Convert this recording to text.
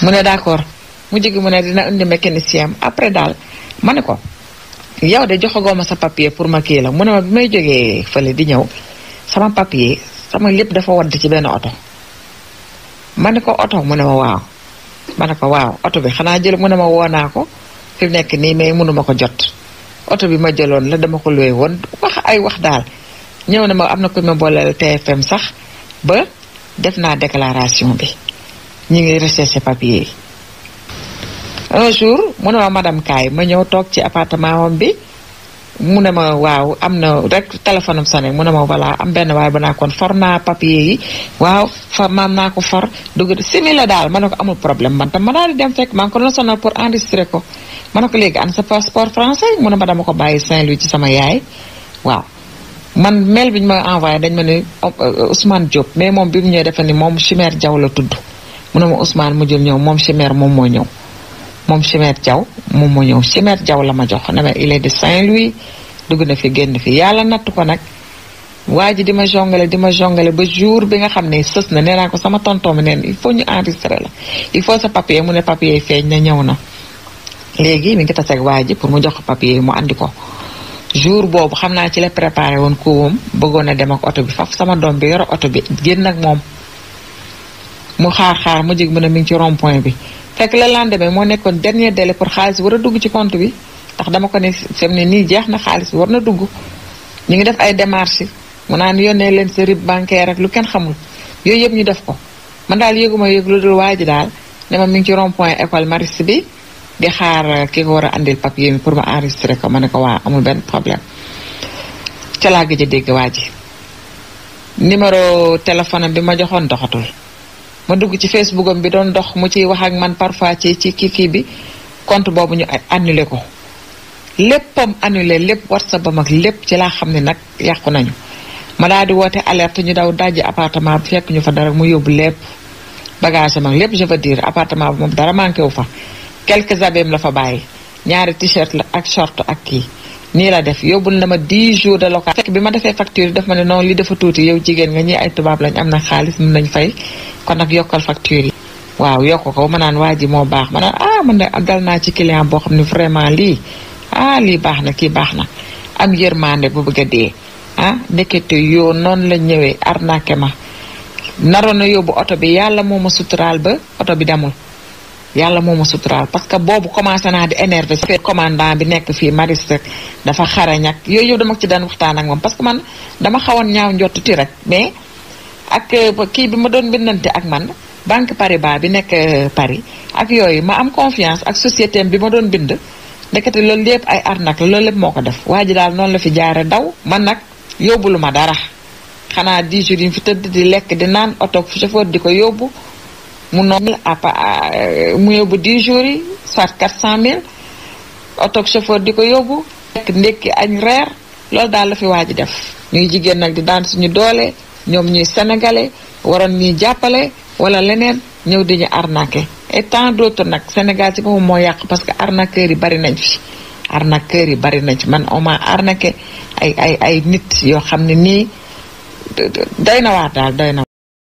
mu ne d'accord mu jigi mu ne dina indi mécanicien après daal ma ne ko yow de joxagoo ma sa papier pour ma kii la mu ne ma bi may jógee fële di ñëw sama papier sama lépp dafa wadd ci benn oto ma ne ko oto mu ne ma waaw ne ko waaw oto bi xanaa jël mu ne ma woo naa ko fi nekk nii mais mënuma ko jot oto bi ma jëloon la dama ko luwe woon wax ay wax daal ñëw na ma am na ko ma booleel TFM sax ba def naa déclaration bi ñi ngi recherché papier un jour mu ne ma madame kay ma ñëw toog ci appartement am bi mu ne ma waaw am na rek téléphone am sane mu ne ma voilà am benn waaye ba naa kon for naa papier yi waaw fa maam naa ko for dugg simila la daal ma ne ko amul problème man tam ma daal di dem fekk maa ngi ko la sonal pour enregistrer ko ma ne ko léegi an sa passeport français mu ne ma dama ko bàyyi Saint Louis ci sama yaay waaw man mail biñ ma envoyé dañ ma ne Ousmane Diop mais moom bi mu ñëwee dafa ni moom Chimère jaw la tudd mu ne ma Ousmane mu jël ñëw moom Chimère moom moo ñëw moom Chimère Diaw moom moo ñëw Chimère Diaw la ma jox ne ma il est de Saint-Louis dugg na fi génn fi yàlla natt ko nag waa ji di ma jongale di ma jongale ba jour bi nga xam ne sës na ne naa ko sama tonton mi neen il faut ñu enregistré la il faut sa papier mu ne papier feeñ na ñëw na léegi mi ngi taseeg waa ji pour mu jox ko papier mu andi ko jour boobu xam naa ci la préparé woon kowam bëggoon a dem ak oto bi faf sama doom bi yoro oto bi génn ak moom mu xaar xaar mu jig mu ne mi ngi ci rond bi fekk le lendemain moo nekkoon dernier délai pour xaalis war a dugg ci compte bi tax dama ko ne sem ne nii jeex na xaalis war na dugg ñu ngi def ay démarches mu naan yónnee leen sa RIB bancaire ak lu kenn xamul yooyu yëpp ñu def ko man daal yëguma yëg lu dul waa ji daal ne ma mi ngi ci rond point école Maristes bi di xaar euh, ki ko war a andil papier mi pour ma enregistré ko ma ne ko waa amul benn problème ca laa gëj a dégg waa ji numéro téléphone bi ma joxoon doxatul ma dugg ci Facebook am bi doon dox mu ciy wax ak man parfois ci ci kii kii bi compte boobu ñu annulé ko lépp léppam annulé lépp WhatsApp am ak lépp ci laa xam ni nag yàqu nañu ma daal di woote alerte ñu daw dajji appartement bi fekk ñu fa dara mu yóbbu lépp bagage am ak lépp je appartement bu moom dara manqué wu fa quelque abeem la fa bàyyi ñaari t la ak short ak kii nii la def yóbbul na ma 10 jours de location fekk bi ma defee facture yi daf ma ne noonu li dafa tuuti yow jigéen nga ñi ay tubaab lañ am na xaalis mën nañ fay kon nag yokkal facture yi waaw yokk ko ma naan waa ji moo baax ma naan ah man de dal naa ci client boo xam ne vraiment lii ah lii baax na kii baax na am yërmande bu bëgg dee ah ndekete yoo noonu la ñëwee arnaque ma naroon na yóbbu oto bi yàlla moo ma suturaal ba oto bi damul yàlla moom ma suturaal parce que boobu commencé naa di énervé si commandant bi nekk fii maris dafa xarañ ak yooyu yëpp dama ci daan waxtaan ak moom parce que man dama xawoon ñaaw njottuti rek mais ak euh, kii bi ma doon bindante ak man banque Paribas bi nekk euh, Paris ak yooyu ma am confiance ak société bi ma doon bind ndekete loolu lépp ay arnaque la loolu lépp moo ko def waa ji daal noonu la fi jaare daw man nag yóbbulu ma dara xanaa 10 jours yi fi tëdd di lekk di naan oto chauffeur di ko yóbbu mu noonu la euh, mu yóbbu 10 jours yi soit 400000 otoog chauffeur di ko yóbbu. nekk ndékki añ reer loolu daal la fi waa ji def ñuy jigéen nag di daan suñu doolee ñoom ñuy sénégalais waroon ñuy jàppale wala leneen ñëw di ñu arnaqué et tant d'autres nag Sénégal ci boppam moo yàq parce que arnaqueurs yi bari nañ fi. arnaqueurs yi bari nañ ci man on m'a arnaqué ay ay ay nit yoo xam ne nii doy na waar daal doy na.